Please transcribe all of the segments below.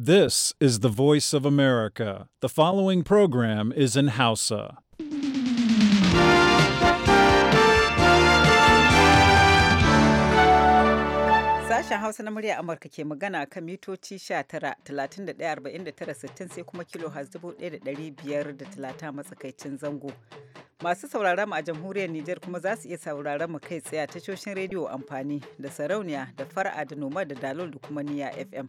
This is the voice of America. The following program is in Hausa. Sashen Hausa na murya Amurka ke magana kan mitoci 19,31,49,60 sai kuma kilo talata matsakaicin zango. Masu sauraron mu a jamhuriyar Nijar kuma za su iya sauraron mu kai tsaye tashoshin rediyo amfani da sarauniya da fara da noma da dalol da kuma niya FM.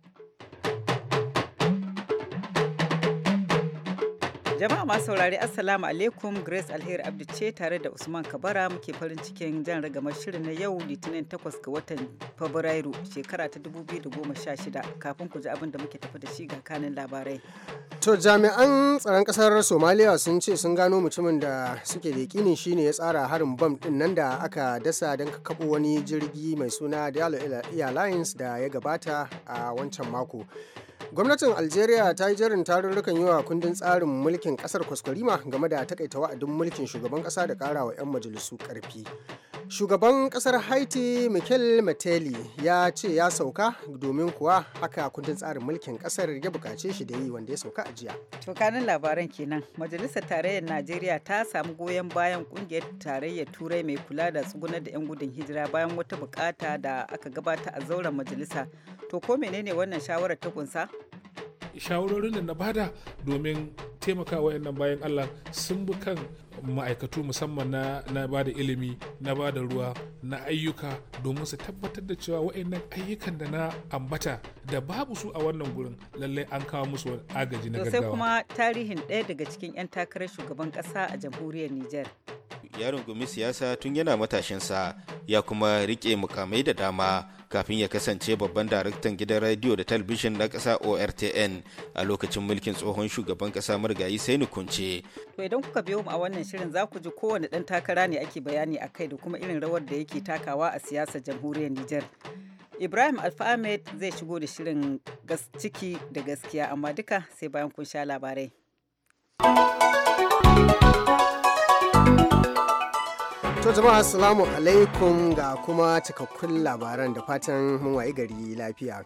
Jama'a masu saurari Assalamu alaikum Grace Alheri Abdu ce tare da Usman Kabara muke farin cikin jan ragamar shirin na yau Litinin takwas ga watan Fabrairu shekara ta 2016 kafin ku ji abin da muke tafi da shi ga kanin labarai. To jami'an tsaron kasar somalia sun ce sun gano mutumin da suke da yakinin shine ya tsara harin bam din nan da aka dasa don kakkaɓo wani jirgi mai suna Diallo Airlines da ya gabata a wancan mako. Gwamnatin Algeria ta yi jerin tarurrukan yi wa kundin tsarin mulkin kasar kwaskwarima game da takaita wa'adin mulkin shugaban kasa da karawa 'yan majalisu karfi. Shugaban kasar Haiti Michel Mateli ya ce ya sauka domin kuwa haka kundin tsarin mulkin kasar ya bukace shi da yi wanda ya sauka a jiya. Tokanin labaran kenan, Majalisar Tarayyar Najeriya ta samu goyon bayan kungiyar tarayyar Turai mai kula da tsugunar da 'yan gudun hijira bayan wata bukata da aka gabata a zauren majalisa. To ko menene wannan shawarar ta kunsa? shawarorin da na bada domin taimakawa wayannan bayan allah sun bi kan ma'aikatu musamman na, na ba ilimi na ba da ruwa na ayyuka domin su tabbatar da cewa wayannan ayyukan da na ambata da babu su a wannan gurin lallai an kawo musu agaji na gaggawa. sai kuma tarihin ɗaya daga cikin 'yan takarar shugaban ƙasa a jamhuriyar nijar. ya rungumi siyasa tun yana matashinsa ya kuma rike mukamai da dama kafin ya kasance babban daraktan gidan rediyo da talbishin na kasa ortn a lokacin mulkin tsohon shugaban kasa murgayi sai kunce to idan kuka biyo mu a wannan shirin za ku ji kowane ɗan takara ne ake bayani a kai da kuma irin rawar da yake takawa a siyasar jamhuriyar nijar ibrahim alfahmed zai shigo da shirin ciki da gaskiya amma duka sai bayan kun sha labarai To jama'a assalamu alaikum ga kuma cikakkun labaran da fatan mun wayi gari lafiya.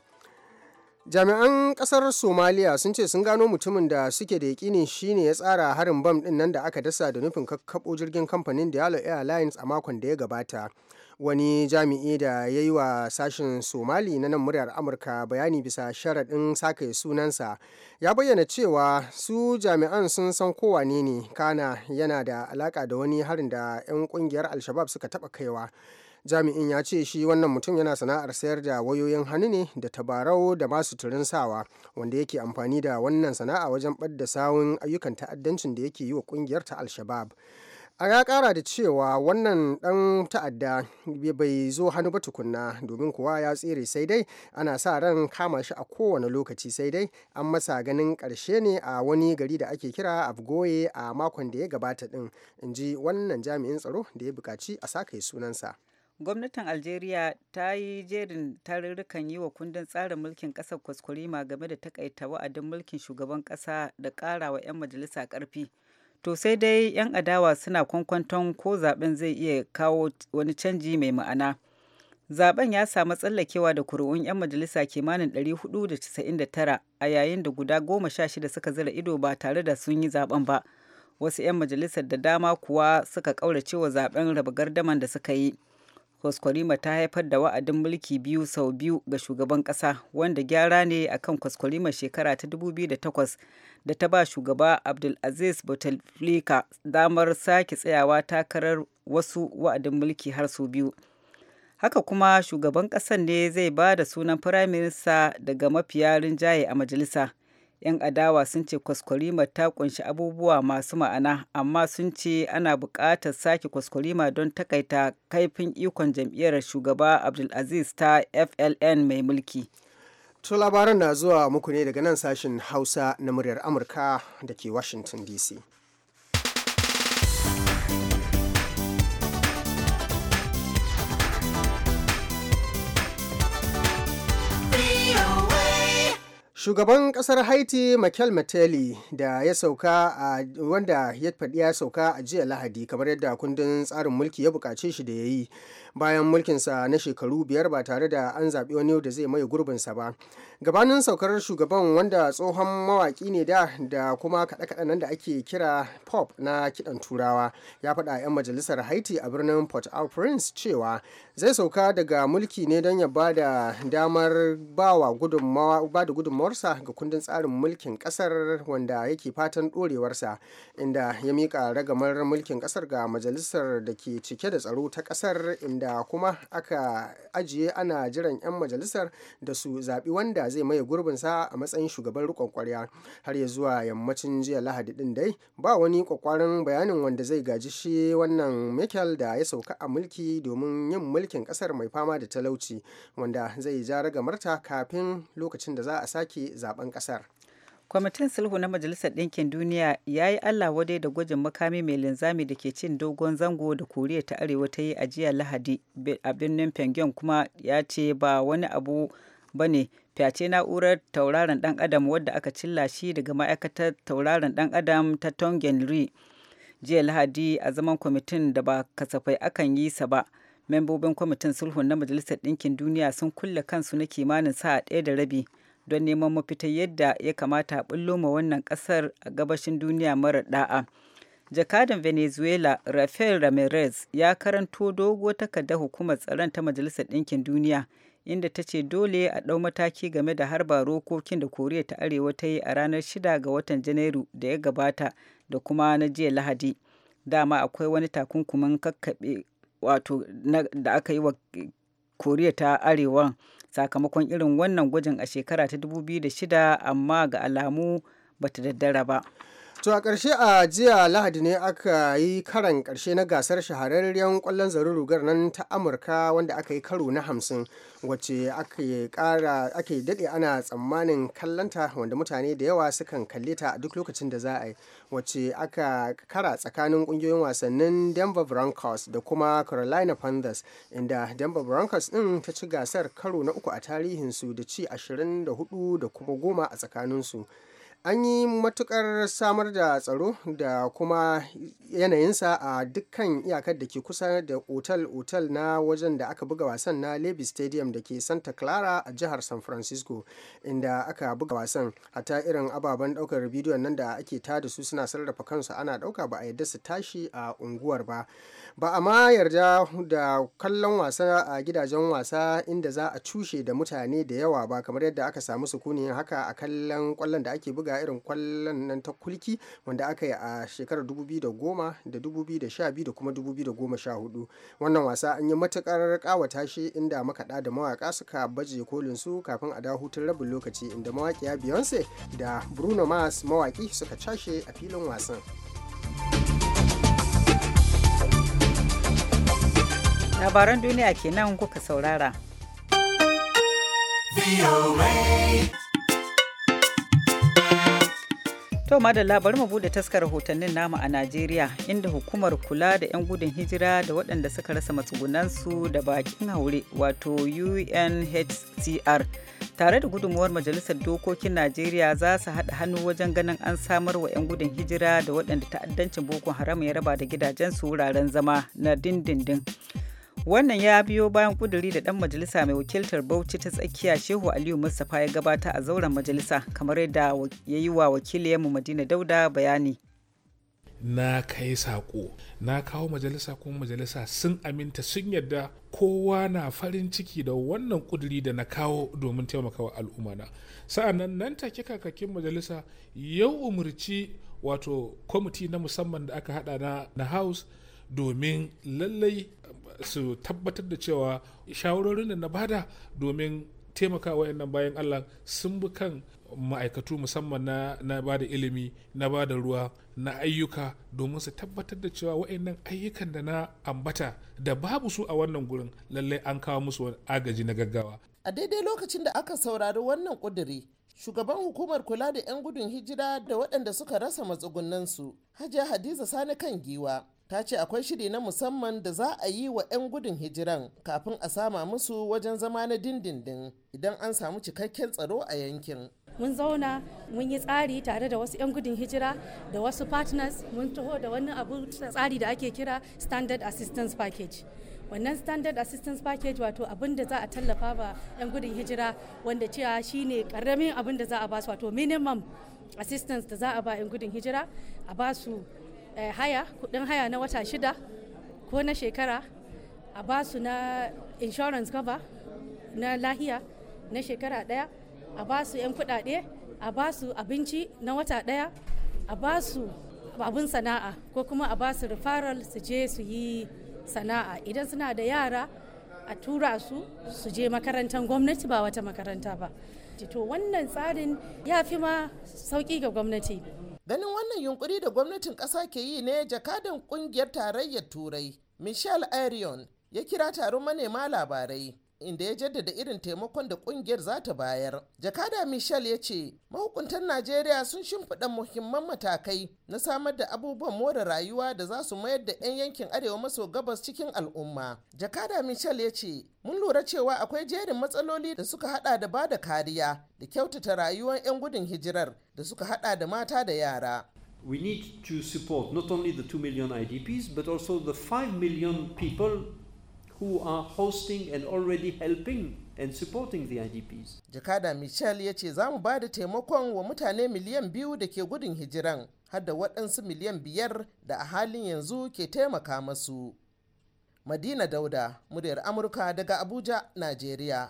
Jami'an kasar Somaliya sun ce sun gano mutumin da suke da yakini shine ya tsara harin bam din nan da aka dasa da nufin kakkaɓo jirgin kamfanin Diallo Airlines a makon da ya gabata. wani jami'i da ya yi wa sashen somali na nan muryar amurka bayani bisa sharaɗin sake sunansa ya bayyana cewa su jami'an sun san kowane ne kana yana da alaƙa da wani harin da 'yan ƙungiyar alshabab suka taɓa kaiwa jami'in ya ce shi wannan mutum yana sana'ar sayar da wayoyin hannu ne da tabarau da masu turin sawa wanda yake amfani da wannan sana'a wajen ɓadda sawun ayyukan ta'addancin da yake yi wa kungiyar ta al a ya kara da cewa wannan dan ta'adda bai zo hannu ba tukunna domin kuwa ya tsere sai dai ana sa ran kama shi a kowane lokaci sai dai an masa ganin karshe ne a wani gari da ake kira abgoye a makon da ya gabata din in ji wannan jami'in tsaro da ya bukaci a sake sunansa gwamnatin algeria ta yi jerin tarurrukan yi wa kundin tsarin mulkin kasar kwaskwarima game da takaita wa'adin mulkin shugaban kasa da kara wa 'yan majalisa karfi To sai dai 'yan adawa suna kwankwanton ko zaben zai iya kawo wani canji mai ma'ana. Zaben ya samu tsallakewa da kuri'un 'yan majalisa kimanin 499 a yayin da guda goma sha shida suka zira ido ba tare da sun yi zaben ba. Wasu 'yan majalisar da dama kuwa suka ƙauracewa zaben raba gardaman da suka yi. kwaskwarima ta haifar da wa'adin mulki biyu sau biyu ga shugaban ƙasa wanda gyara ne akan kwaskwarima shekara ta 2008 da ta ba shugaba abdulaziz bouteflika damar sake tsayawa takarar wasu wa'adin mulki har sau biyu haka kuma shugaban ƙasan ne zai ba da sunan firaminista daga mafiya rinjaye a majalisa 'yan adawa sun ce kwaskwarima ta kunshi abubuwa masu ma'ana amma sun ce ana buƙatar sake kwaskwarima don takaita kaifin ikon jam'iyyar shugaba abdulaziz ta fln mai mulki to labaran na zuwa muku ne daga nan sashen hausa na muryar amurka da ke washington dc shugaban kasar haiti michael mateli da ya sauka a wanda ya faɗi ya sauka a jiya lahadi kamar yadda kundin tsarin mulki ya buƙace shi da ya yi bayan mulkinsa na shekaru biyar ba tare da an zaɓi wani da zai mai gurbinsa ba gabanin saukar shugaban wanda tsohon mawaƙi ne da da kuma kaɗe-kaɗe nan da ake kira pop na kiɗan turawa ya faɗa 'yan majalisar haiti a birnin port au prince cewa zai sauka daga mulki ne don ya ba da damar ba da gudunmawar gudunmawarsa ga kundin tsarin mulkin kasar wanda yake fatan ɗorewarsa inda ya mika ragamar mulkin kasar ga majalisar da ke cike da tsaro ta kasar inda kuma aka ajiye ana jiran 'yan majalisar da su zaɓi wanda zai maye gurbinsa a matsayin shugaban riƙon kwarya har ya zuwa yammacin jiya lahadi ɗin dai ba wani kwakwaran bayanin wanda zai gaji shi wannan michael da ya sauka a mulki domin yin mulkin kasar mai fama da talauci wanda zai ja ragamarta kafin lokacin da za a sake zaben kasar kwamitin sulhu na majalisar ɗinkin duniya ya yi allah wadai da gwajin makami mai linzami da ke cin dogon zango da koriya ta arewa ta yi a jiya lahadi a birnin pyongyang kuma ya ce ba wani abu ba ne fyace na'urar tauraron ɗan adam wadda aka cilla shi daga ma'aikatar tauraron ɗan adam ta tongen ri jiya lahadi a zaman kwamitin da ba kasafai akan yi sa ba membobin kwamitin Sulhu na majalisar ɗinkin duniya sun kulle kansu na kimanin sa'a ɗaya da rabi don neman mafita yadda ya kamata a ma wannan kasar a gabashin duniya mara da'a. Jakadan Venezuela Rafael Ramirez ya karanto dogo takardar hukumar tsaron ta Majalisar Ɗinkin Duniya inda ta ce dole a ɗau mataki game da harba rokokin da Koriya ta Arewa ta yi a ranar 6 ga watan Janairu da ya gabata da kuma na jiya Lahadi. Dama akwai wani takunkumin kakkaɓe wato da aka yi wa koriya ta arewan sakamakon irin wannan gwajin a shekara ta 2006 amma ga alamu bata daddara ba To a ƙarshe a jiya Lahadi ne aka yi karan ƙarshe na gasar shahararren ƙwallon zarin rugar nan ta Amurka wanda aka yi karo na hamsin wacce aka ƙara ake daɗe ana tsammanin kallanta wanda mutane da yawa sukan kalle ta a duk lokacin da za a yi wacce aka kara tsakanin ƙungiyoyin wasannin Denver Broncos da kuma Carolina Panthers inda Denver Broncos ɗin ta ci gasar karo na uku a tarihinsu da ci 24 da kuma goma a tsakaninsu. an yi matukar samar da tsaro da kuma yanayinsa a dukkan iyakar da ke kusa da otal-otal na wajen da aka buga wasan na Levy Stadium da ke Santa Clara a jihar San Francisco inda aka buga wasan hata irin ababen daukar bidiyon nan da ake tada su suna sarrafa kansu ana dauka ba a yarda su tashi a unguwar ba ba a ma yarda da kallon wasa a gidajen wasa inda za a cushe da mutane da yawa ba kamar yadda aka samu sukuni haka a kallon kwallon da ake buga ga irin kwallon nan ta kulki wanda aka yi a shekarar 2010 da 2012 da kuma 2014 wannan wasa an yi matukar kawata shi inda makaɗa da mawaka suka baje kolin su kafin a dawo hutun rabin lokaci inda mawakiya beyonce da bruno mars mawaki suka cashe a filin wasan labaran duniya kenan kuka saurara. To madalla bari mu bude taskar rahotannin namu a Najeriya inda hukumar kula da 'yan gudun hijira da waɗanda suka rasa matsugunansu da bakin haure wato UNHCR tare da gudunmuwar Majalisar Dokokin Najeriya za su haɗa hannu wajen ganin an samar wa 'yan gudun hijira da waɗanda ta'addancin Boko Haram ya raba da gidajensu wuraren zama na dindindin. Wannan ya biyo bayan kuduri da ɗan majalisa mai wakiltar Bauchi ta tsakiya Shehu Aliyu Mustapha ya gabata a zauren majalisa kamar yadda ya yi wa wakiliyanmu Madina Dauda bayani. na kai saƙo na kawo majalisa kuma majalisa sun aminta sun yadda kowa na farin ciki da wannan kuduri da na kawo domin taimakawa al'umma na sa'annan nan take kakakin majalisa yau umarci wato kwamiti na musamman da aka hada na house domin lallai su tabbatar da cewa shawarorin da na bada domin taimaka wayannan bayan allah sun bi kan ma'aikatu musamman na, na ba ilimi na bada ruwa na ayyuka domin su tabbatar da cewa wayannan ayyukan da na ambata da babu su a wannan gurin lallai an kawo musu agaji na gaggawa a daidai lokacin da aka saurari wannan kuduri shugaban hukumar kula da 'yan gudun hijira da waɗanda suka rasa matsugunansu hajiya hadiza sani kan giwa ta ce akwai shiri na musamman da za a yi wa 'yan gudun hijiran kafin a sama musu wajen zama na dindindin idan an samu cikakken tsaro a yankin mun zauna mun yi tsari tare da wasu 'yan gudun hijira da wasu partners mun taho da wani abu tsari da ake kira standard assistance package wannan standard assistance package wato abin da za a tallafa ba 'yan gudun hijira wanda cewa shine karamin abin da za a ba su wato minimum assistance da za a ba 'yan gudun hijira a ba su. Eh, haya kudin haya na wata shida ko na shekara a ba su na insurance cover na lahiya na shekara daya a ba su 'yan kudade a ba su abinci na wata daya a ba su abin sana'a ko kuma a ba su referral su je su yi sana'a idan suna da yara a tura su su je makarantar gwamnati ba wata makaranta ba to wannan tsarin ya fi ma sauki ga gwamnati ganin wannan yunkuri da gwamnatin ƙasa ke yi ne jakadan ƙungiyar tarayyar turai michel arion ya kira taron manema labarai inda ya jaddada irin taimakon da kungiyar za ta bayar. Jakada Michel ya ce, mahukuntan Najeriya sun shimfiɗa muhimman matakai na samar da abubuwan more rayuwa da za su mayar da 'yan yankin arewa maso gabas cikin al'umma. Jakada Michel ya ce, mun lura cewa akwai jerin matsaloli da suka hada da ba da kariya da kyautata rayuwar 'yan gudun hijirar da suka hada da mata da yara. We need to support not only the 2 million IDPs but also the 5 million people who are hosting and already helping and supporting the IDPs. Jakada Michel ya ce za mu ba da taimakon wa mutane miliyan biyu da ke gudun hijiran har da waɗansu miliyan biyar da a halin yanzu ke taimaka masu. Madina Dauda, muryar Amurka daga Abuja, Najeriya.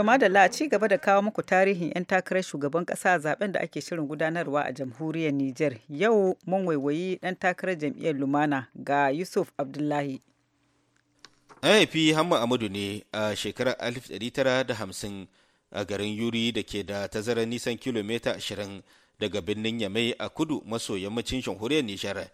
To madalla ci gaba da kawo muku tarihin 'yan takarar shugaban kasa zaben da ake shirin gudanarwa a jamhuriyar Nijar. Yau mun waiwayi dan takarar jam'iyyar Lumana ga Yusuf Abdullahi. An haifi Hamma Amadu ne a shekarar 1950 a garin Yuri da ke da tazarar nisan kilomita 20 daga birnin Yamai a kudu maso yammacin jamhuriyar Nijar.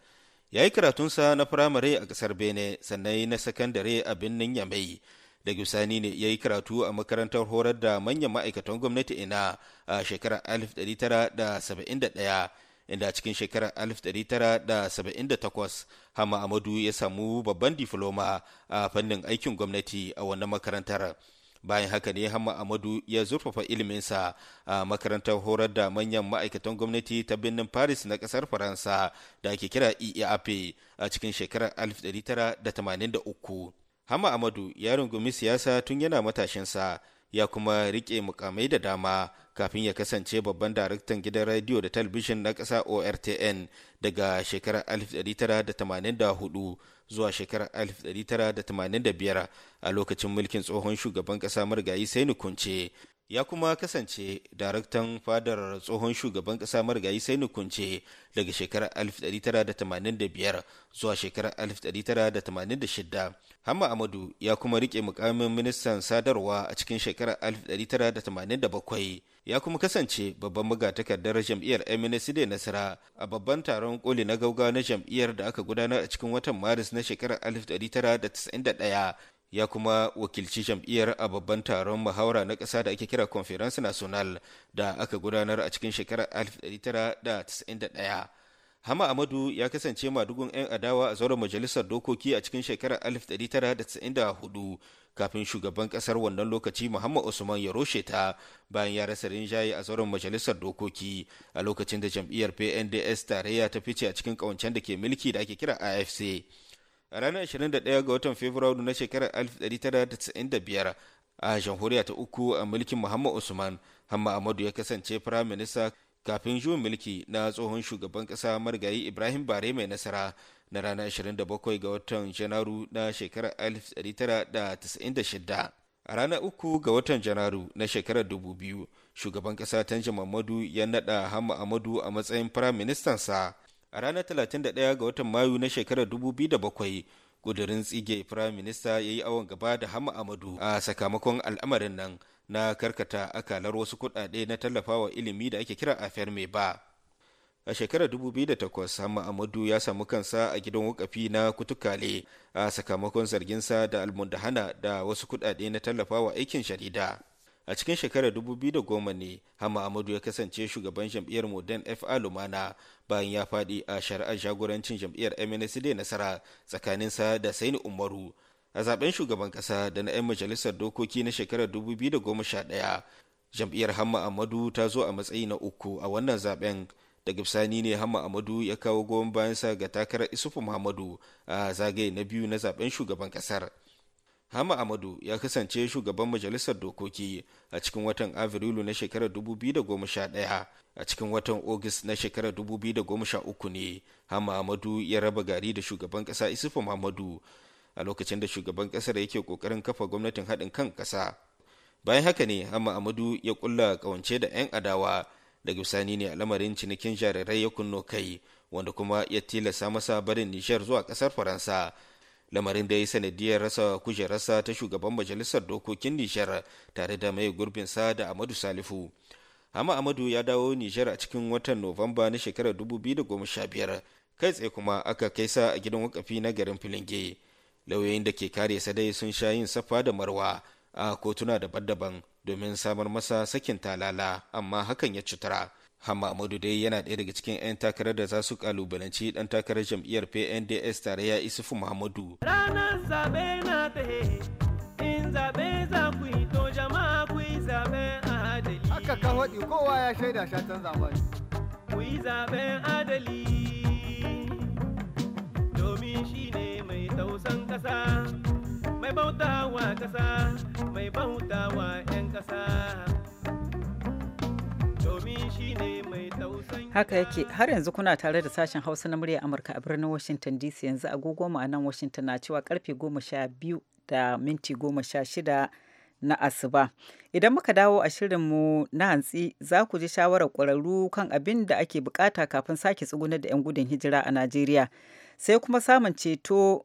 Ya yi karatunsa na firamare a ƙasar Bene sannan na sakandare a birnin Yamai. daga bisani ne ya yi karatu a makarantar horar da manyan ma'aikatan gwamnati ina a shekarar 1971 inda cikin shekarar 1978 hama amadu ya samu babban difiloma a fannin aikin gwamnati a wannan makarantar bayan haka ne hama amadu ya zurfafa iliminsa a makarantar horar da manyan ma'aikatan gwamnati ta birnin paris na kasar faransa da ake kira eap a cikin shekarar 1983 Hama Amadu ya rungumi siyasa tun yana matashinsa ya kuma rike mukamai da dama kafin ya kasance babban daraktan gidan rediyo da talabijin na ƙasa ORTN daga shekarar 1984 zuwa shekarar 1985 a lokacin mulkin tsohon shugaban ƙasa marigayi sai Kunce. ya kuma kasance daraktan fadar tsohon shugaban kasa marigayi sai nukunce daga shekarar 1985 zuwa shekarar 1986 hamma amadu ya kuma rike mukamin ministan sadarwa a cikin shekarar 1987 ya kuma kasance babban magatakardar jam'iyyar MNC da nasara a babban taron koli na gauga na jam'iyyar da aka gudanar a cikin watan maris na shekarar 1991 ya kuma wakilci jam'iyyar a babban taron muhawara na ƙasa da ake kira conference national da aka gudanar a cikin shekarar 1991 hama amadu ya kasance madugun 'yan adawa a zauren majalisar dokoki a cikin shekarar 1994 kafin shugaban ƙasar wannan lokaci muhammad usman ya roshe ta bayan ya rasa rinjaye a zauren majalisar dokoki a lokacin da jam'iyyar pnds tarayya ta fice a cikin ƙawancen da ke mulki da ake kira afc ranar 21 ga watan Fabrairu na shekarar 1995 a jamhuriya ta uku a mulkin Muhammad Usman, Hamma Ahmadu ya kasance Minister kafin juyin mulki na tsohon shugaban ƙasa marigayi Ibrahim Bare mai nasara na ranar 27 ga watan Janairu na shekarar 1996. A ranar uku ga watan Janairu na shekarar 2000, shugaban ƙasa Tanja Muhammadu ya naɗa Hamma Ahmadu a matsayin firaministansa. a ranar 31 ga watan mayu na shekarar 2007 kudurin tsige firayim minista ya yi awon gaba da hama amadu a sakamakon al'amarin nan na karkata akalar wasu kuɗaɗe na tallafawa ilimi da ake kira afiyar mai ba a shekarar 2008 hama amadu ya samu kansa a gidan wakafi na kutukale a sakamakon zarginsa da almundahana da wasu kuɗaɗe na tallafawa aikin shari'a a cikin shekarar goma ne hama amadu ya kasance shugaban jam'iyyar modern fa lumana bayan ya fadi a shari'ar jagorancin jam'iyyar mnsd nasara tsakanin sa da saini umaru a zaben shugaban ƙasa da na 'yan majalisar dokoki na shekarar 2011 jam'iyyar hamma amadu ta zo a matsayi na uku a wannan zaben da bisani ne hamma amadu ya kawo bayan sa ga takarar isufu muhammadu a zagaye na biyu na zaben shugaban ƙasar Hama Amadu ya kasance shugaban majalisar dokoki a cikin watan Afrilu na shekarar 2011 a cikin watan Ogis na shekarar 2013 ne Hama Amadu ya raba gari da shugaban ƙasa Isufu Muhammadu a lokacin da shugaban ƙasar yake kokarin kafa gwamnatin haɗin kan ƙasa. Bayan haka ne Hama Amadu ya kulla ƙawance da 'yan adawa daga bisani ne a lamarin cinikin jarirai ya kunno kai wanda kuma ya tilasta masa barin Nijar zuwa ƙasar Faransa lamarin da ya yi sanadiyar rasa kujerarsa ta shugaban majalisar dokokin nijar tare da mai gurbinsa da amadu salifu amma amadu ya dawo nijar a cikin watan novamba na shekarar dubu biyu da goma sha biyar kai tsaye kuma aka kai sa a gidan wakafi na garin filinge lauyoyin da ke kare sa dai sun sha yin safa da marwa a kotuna daban-daban domin samar masa sakin talala amma hakan ya citara hamma dai yana ɗaya daga cikin 'yan takarar da za su kalubalanci ɗan takarar jam'iyyar pnds tarayya isufu muhammadu ranar zaɓe na ta in zaɓe za ku yi to jama'a ku yi zaɓe a adali kan waɗi kowa ya shaida shatan zaɓen ku yi zaɓe adali domin shi ne mai tausan ƙasa mai bautawa ƙasa mai bautawa 'yan ƙasa Haka yake har yanzu kuna tare da sashen Hausa na murya Amurka a birnin Washington DC yanzu agogo mu a nan Washington na cewa karfe 12 da minti 16 na asuba. Idan muka dawo a shirinmu na hantsi za ku ji shawarar kwararru kan abin da ake bukata kafin sake tsugunar da 'yan gudun hijira a Najeriya. Sai kuma samun ceto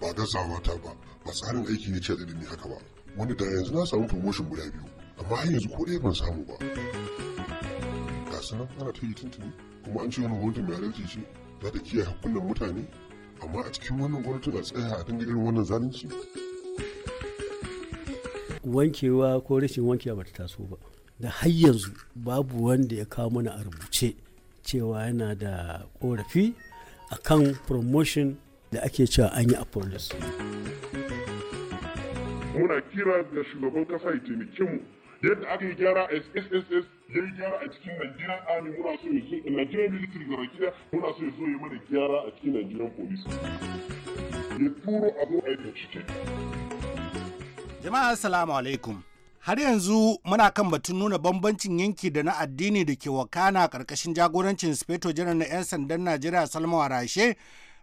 ba gazawa ta ba ba tsarin aiki ne ce da ni haka ba wanda da yanzu na samu promotion guda biyu amma har yanzu ko ɗaya ban samu ba ga su ana ta yi tuntuni kuma an ce wani gwamnatin mai adalci ce za ta kiyaye hakkunan mutane amma a cikin wannan gwamnatin a tsaya a dinga irin wannan zalunci wankewa ko rashin wankewa ba ta taso ba da har yanzu babu wanda ya kawo mana a rubuce cewa yana da korafi akan promotion da ake cewa an yi a police. muna kira da shugaban kasa ya taimake mu yadda aka yi gyara a sss ya yi gyara a cikin nigerian army muna so ya zo nigerian military gara gida muna so ya zo ya mana gyara a cikin nigerian police ya turo abu a cike. jama'a assalamu alaikum har yanzu muna kan batun nuna bambancin yanki da na addini da ke wakana karkashin jagorancin speto janar na 'yan sandan najeriya salma rashe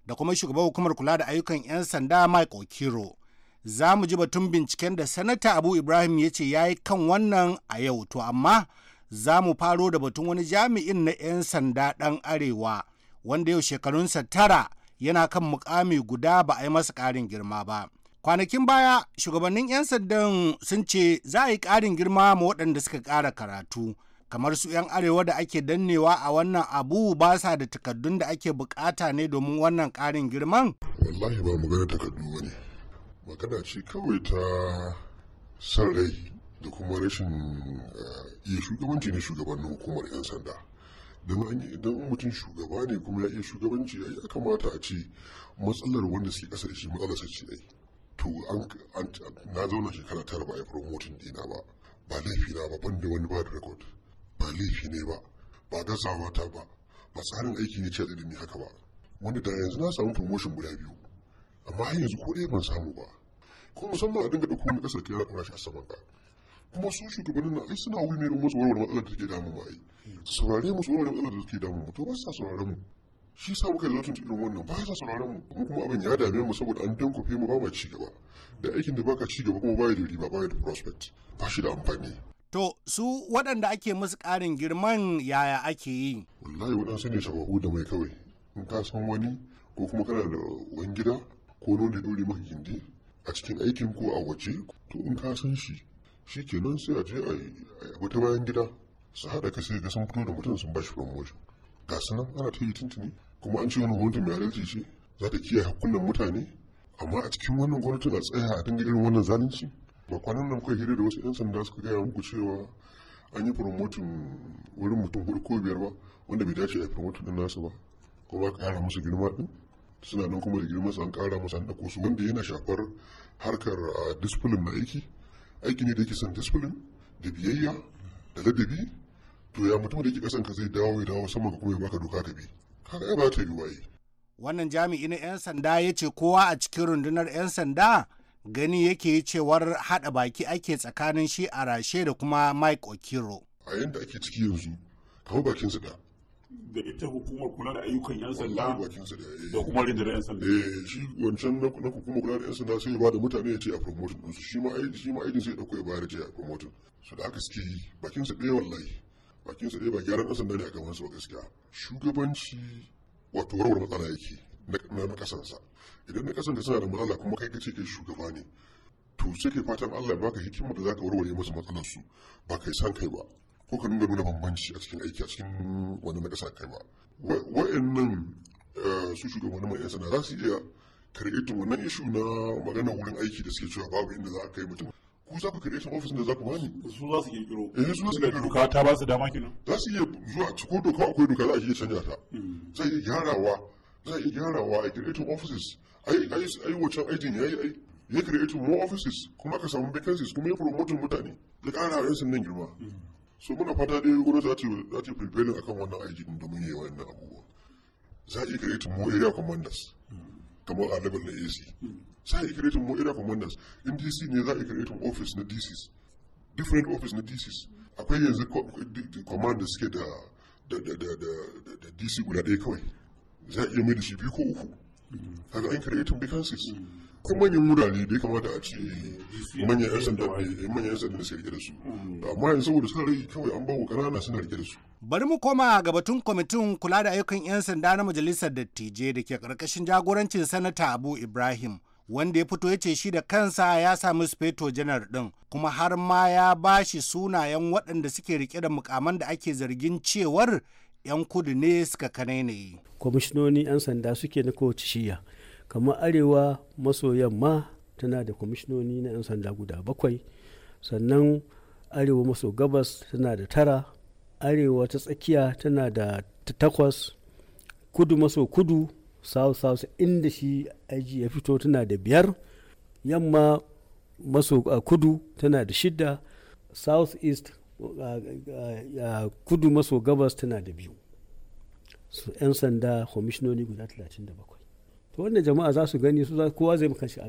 da kuma shugaban hukumar kula da ayyukan 'yan sanda Mike Okiro. Za mu ji batun binciken da Sanata Abu Ibrahim ya ce ya yi kan wannan a yau, to amma za mu faro da batun wani jami'in na 'yan sanda ɗan Arewa wanda yau shekarunsa tara yana kan mukami guda ba a yi masa ƙarin girma ba. Kwanakin baya, shugabannin 'yan sandan sun ce za a yi ƙarin girma ma waɗanda suka ƙara karatu. kamar su 'yan arewa da ake dannewa a wannan abu ba sa da takaddun da ake bukata ne domin wannan karin girman? wallahi ba magana takardu ba ne magana ce kawai ta san rai da kuma rashin eh, iya shugabanci ne shugabannin hukumar 'yan sanda don idan mutum shugaba ne kuma ya iya shugabanci ya kamata a ce matsalar wanda suke kasa da shi matsalar ai to na zauna shekara tara ba a yi promotin dina ba ba laifi na ba ban da wani ba da record ba laifi ne ba ba gazawa ta ba ba tsarin aiki ne ce da ni haka ba wanda da yanzu na samu promotion guda biyu amma har yanzu ko ɗaya ban samu ba ko musamman a dinga da na ƙasar kira ɗora shi a saman ka kuma su shugabannin na ai suna wuri ne musu warware matsalar da take damun mu ai saurare musu warware matsalar da take damun mu to ba sa saurare mu shi sa muka zartun irin wannan ba sa sauraron mu kuma abin ya dame mu saboda an dankofe mu ba ma ci gaba da aikin da baka ci gaba kuma baya da riba baya da prospect ba shi da amfani To su waɗanda ake musu ƙarin girman yaya ake yi? Wallahi waɗansu ne shafafu da mai kawai. In ka san wani ko kuma kana da wani gida ko nuna dole maka gindi a cikin aikin ko a waje to in ka san shi shi kenan sai a je a yi wata bayan gida su haɗa ka sai ga sun fito da mutum sun bashi promotion. Ga su nan ana ta yi tuntuni kuma an ce wani gwamnati mai adalci ce za ta kiyaye hakkunan mutane amma a cikin wannan gwamnatin a tsaya a dinga irin wannan zalunci. ba kwanan nan kuka hira da wasu 'yan sanda suka gaya muku cewa an yi promotin wurin mutum hudu ko biyar ba wanda bai dace a yi promotin din nasu ba kuma ba kara musu girma din suna nan kuma da girma su an kara musu an dako su wanda yana shafar harkar discipline na aiki aiki ne da yake son discipline da biyayya da ladabi to ya mutum da yake kasan ka zai dawo ya dawo sama ka kuma ya baka doka ka bi kaga ya ba ta yi wannan jami'i na 'yan sanda ya ce kowa a cikin rundunar 'yan sanda gani yake cewar hada baki ake tsakanin shi a rashe da kuma mike okiro a yadda ake ciki yanzu kawo bakin su da da ita hukumar kula da ayyukan yan sanda eh. da kuma rindirar yan sanda eh shi wancan na hukumar kula da yan sanda sai ya bada mutane ya ce a promotion din su shi ma aidi shi ma aidin sai ya dauko ya bayar da ce a promotion su da aka suke yi bakin su ɗaya wallahi bakin su ɗaya ba gyaran yan sanda ne a gaban su ba gaskiya shugabanci wato warware matsala yake na nakasansa idan na kasance suna da matsala kuma kai kace kai shugaba ne to sai kai fatan Allah ya baka hikima da zaka warware musu matsalar su ba kai san kai ba ko ka nuna nuna bambanci a cikin aiki a cikin wani nakasa kai ba wa'annan eh, su shugabanni mai yasa za su iya karɓi wannan ishu na magana wurin aiki da suke cewa babu inda za a kai mutum ku za ku karɓi ofis da za ku bani su za su kirkiro eh su za su kirkiro ta ba su dama kenan za su iya zuwa ko doka akwai doka za a iya canja ta sai hmm. gyarawa za a iya wa a creative offices a yi wacan aikin ya yi ai ya creative more offices kuma aka samu vacancies kuma ya promotin mutane da ƙara yan sannan girma so muna fata dai gwamnati za ta za ta prevailing akan wannan aiki din domin yi wannan abubuwa za a iya creative more area commanders kamar a level na AC za a iya creative more area commanders in DC ne za a iya creative office na DCs different office na DCs akwai yanzu command da suke da da DC guda ɗaya kawai za a iya mai da shi biyu ko uku kaga an creating vacancies ko manyan wurare da ya kamata a ce manyan yan sanda eh, manyan yan sanda suka da su amma yanzu saboda suka rage kawai an bawa kanana suna rike da su bari mu koma ga batun kwamitin kula da ayyukan yan sanda na majalisar dattijai da ke karkashin jagorancin sanata abu ibrahim wanda ya fito ya ce shi da kansa ya samu speto janar din kuma har ma ya ba shi sunayen waɗanda suke rike da mukaman da ake zargin cewar 'yan kudu ne suka kanainayi. kwamishinoni 'yan sanda suke na kowace shiya kamar arewa maso yamma tana da kwamishinoni na 'yan sanda guda bakwai sannan arewa maso gabas tana da tara arewa ta tsakiya tana da takwas kudu maso kudu south south inda shi aji ya fito tana da biyar yamma maso kudu tana da shida south east kudu maso gabas tana da biyu su 'yan sanda kwamishinoni guda 37 to wannan jama'a za su gani su kowa zai maka shi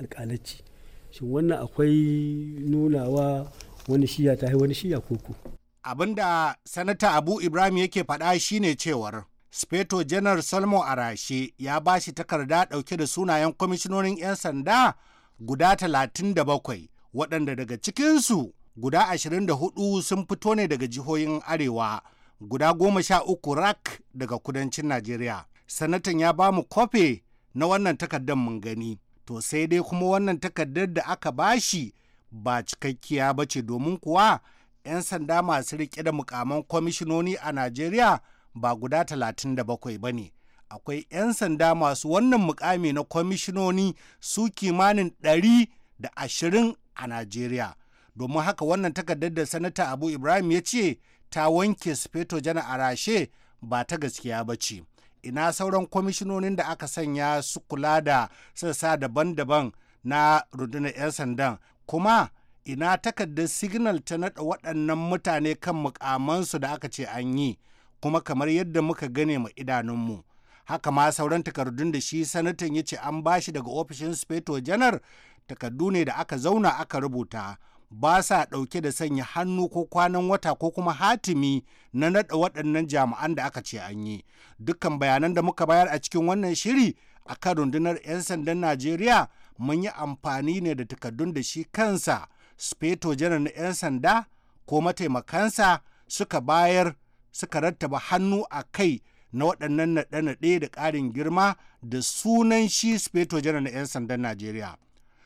alkalacci shin wannan akwai nunawa wani shiya ta wani shiya koko abinda sanata abu ibrahim yake faɗa shine cewar speto janar salmo arashe ya ba shi takarda ɗauke da sunayen kwamishinonin 'yan sanda guda 37 waɗanda daga cikinsu guda 24 sun fito ne daga jihohin arewa guda 13 rak daga kudancin najeriya sanatan ya ba mu kofe na wannan takardar mun gani to sai dai kuma wannan takardar da aka bashi ba cikakkiya ba ce domin kuwa 'yan sanda masu rike da mukaman kwamishinoni a najeriya ba guda 37 ba ne akwai 'yan sanda masu wannan mukami na kwamishinoni su kimanin 120 a najeriya domin haka wannan takardar da sanata abu ibrahim ya ce ta wanke sufeto jana a rashe ba ta gaskiya ba ce ina sauran kwamishinonin da aka sanya su kula da sassa daban-daban na rundunar 'yan sandan kuma ina takardar signal ta naɗa waɗannan mutane kan mukamansu da aka ce an yi kuma kamar yadda muka gane mu idanunmu haka ma sauran takardun da shi sanatan ya ce an bashi daga ofishin speto janar takardu ne da aka zauna aka rubuta ba sa ɗauke da sanya hannu ko kwanan wata ko kuma hatimi na naɗa waɗannan jami'an da aka ce an yi dukkan bayanan da muka bayar a cikin wannan shiri a kan rundunar 'yan sandan najeriya mun yi amfani ne da takardun da shi kansa speto janar na 'yan sanda ko mataimakansa suka bayar suka rattaba hannu a kai na waɗannan naɗe-naɗe da ƙarin girma da sunan shi speto janar na 'yan sandan najeriya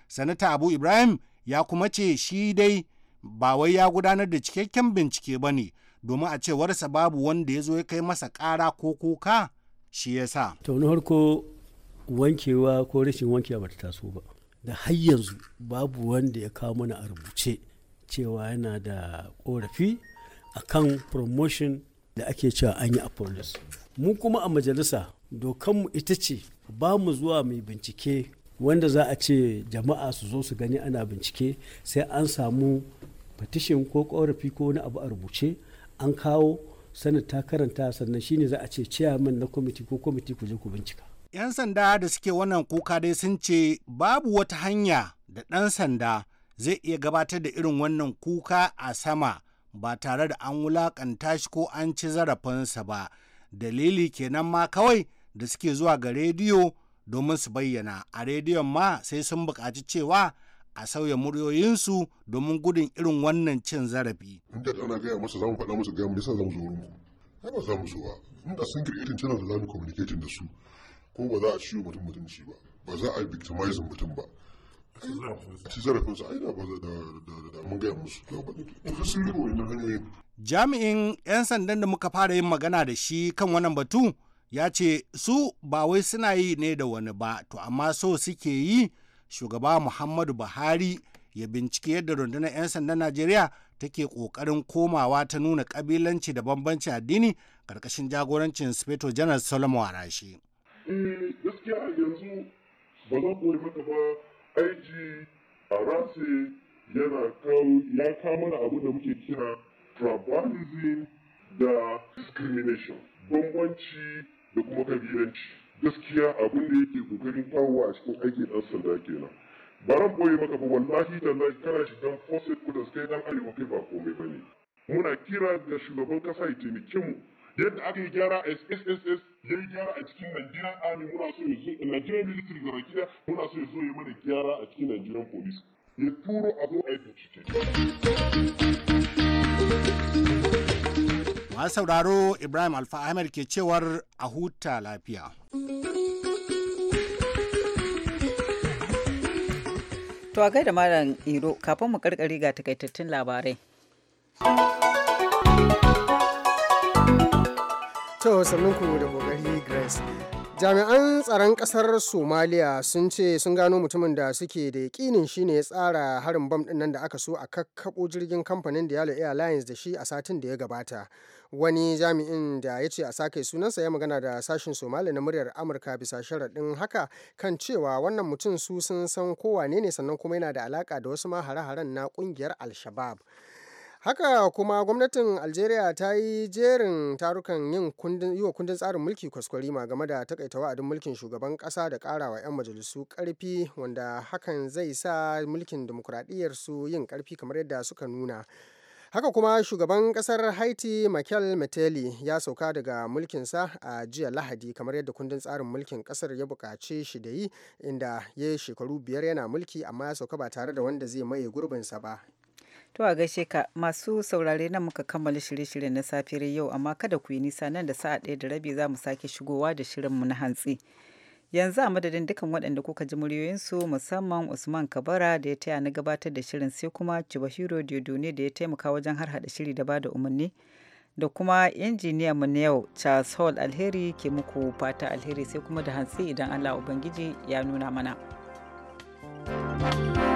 sanata abu ibrahim ya kuma ce shi dai ba wai ya gudanar da cikakken bincike ba ne domin a cewarsa babu wanda ya zo ya kai masa kara ko kuka shi ya sa. to na harko wankewa ko rashin wankewa ba ta taso ba da har yanzu babu wanda ya kawo mana a rubuce cewa yana da korafi a kan promotion da ake cewa an yi a mu kuma a majalisa dokanmu ita ce ba mu zuwa mai bincike wanda za a ce jama'a su zo su gani ana bincike sai an samu fatishin ko korafi ko wani abu a rubuce an kawo sanin ta karanta sannan shine za a ce ciyaman na kwamiti ko kwamiti ku je ku bincika 'yan sanda da suke wannan kuka dai sun ce babu wata hanya da ɗan sanda zai iya gabatar da irin wannan kuka a sama ba tare da an wulakanta shi ko an ci zarafinsa ba dalili kenan ma kawai da suke zuwa ga rediyo domin su bayyana a rediyon ma sai sun buƙaci cewa a sauya muryoyinsu domin gudun irin wannan cin zarafi. Inda ana gaya masa zamu faɗa musu gaya bisa zamu zo wurin mu. Ai ba za mu zo ba. Inda sun irin channel da za mu communicating da su ko ba za a ciwo mutum mutunci ba. Ba za a victimize mutum ba. Ci zarafinsa ai na ba da mun gaya musu. Ba sun riƙo wannan hanyoyin. Jami'in 'yan sandan da muka fara yin magana da shi kan wannan batu ya ce su ba wai suna yi ne da wani ba to amma so suke yi shugaba muhammadu buhari ya binciki yadda rundunar 'yan sandan najeriya take kokarin komawa ta nuna kabilanci da bambancin addini karkashin jagorancin speto janar solomon arashi eh, gaskiya ya kama da abu da muke kira da discrimination bambanci da kuma kabilanci gaskiya abin da yake kokarin kawo a cikin aikin ɗan sanda kenan baran boye maka ba wallahi da na kana dan fosil kudus kai dan arewa kai ba komai ba ne muna kira ga shugaban kasa ya taimake mu yadda aka yi gyara a SSSS ya yi gyara a cikin Nigerian Army muna so ya zo Nigerian Military gaba muna so ya zo ya mana gyara a cikin Nigerian Police ya turo a zo a yi bincike. masu sauraro ibrahim alfa ahmed ke cewar a huta lafiya to a gaida malam iro kafin mu karkari ga takaitattun labarai to ku da kokari grace jami'an tsaron kasar somaliya sun ce sun gano mutumin da suke da yakinin shine ya tsara harin bam ɗinnan da aka so a kakkabo jirgin kamfanin da yalo airlines da shi a satin da ya gabata wani jami'in da ya ce a sake sunansa ya magana da sashin somali na muryar amurka bisa sharaɗin haka kan cewa wannan mutum su sun san kowane ne sannan kuma yana da alaka da wasu ma hare-haren na ƙungiyar al-shabab haka kuma gwamnatin algeria ta yi jerin tarukan yin yi kundin tsarin mulki kwaskwari ma game da takaita wa'adin mulkin shugaban kasa da karawa 'yan majalisu karfi wanda hakan zai sa mulkin demokuraɗiyyar su yin karfi kamar yadda suka nuna haka kuma shugaban kasar haiti michael meteli ya sauka daga mulkinsa a jiya lahadi kamar yadda kundin tsarin mulkin kasar ya bukaci shi da yi inda ya shekaru biyar yana mulki amma ya sauka ba tare da wanda zai maye gurbinsa ba To a gaishe ka masu saurare na muka kammala shirye-shiryen na safiyar yau amma kada ku yi nisa nan da sa'a ɗaya da rabi za mu sake shigowa da shirinmu na hantsi. yanzu a madadin dukkan waɗanda kuka ji muryoyinsu musamman usman kabara da ya taya na gabatar da shirin sai kuma cibahiro diodone da ya taimaka wajen har hada shiri da bada umarni da kuma injiniyan mu na yau charles hall alheri ke muku fata alheri sai kuma da hantsi idan allah ubangiji ya nuna mana thank you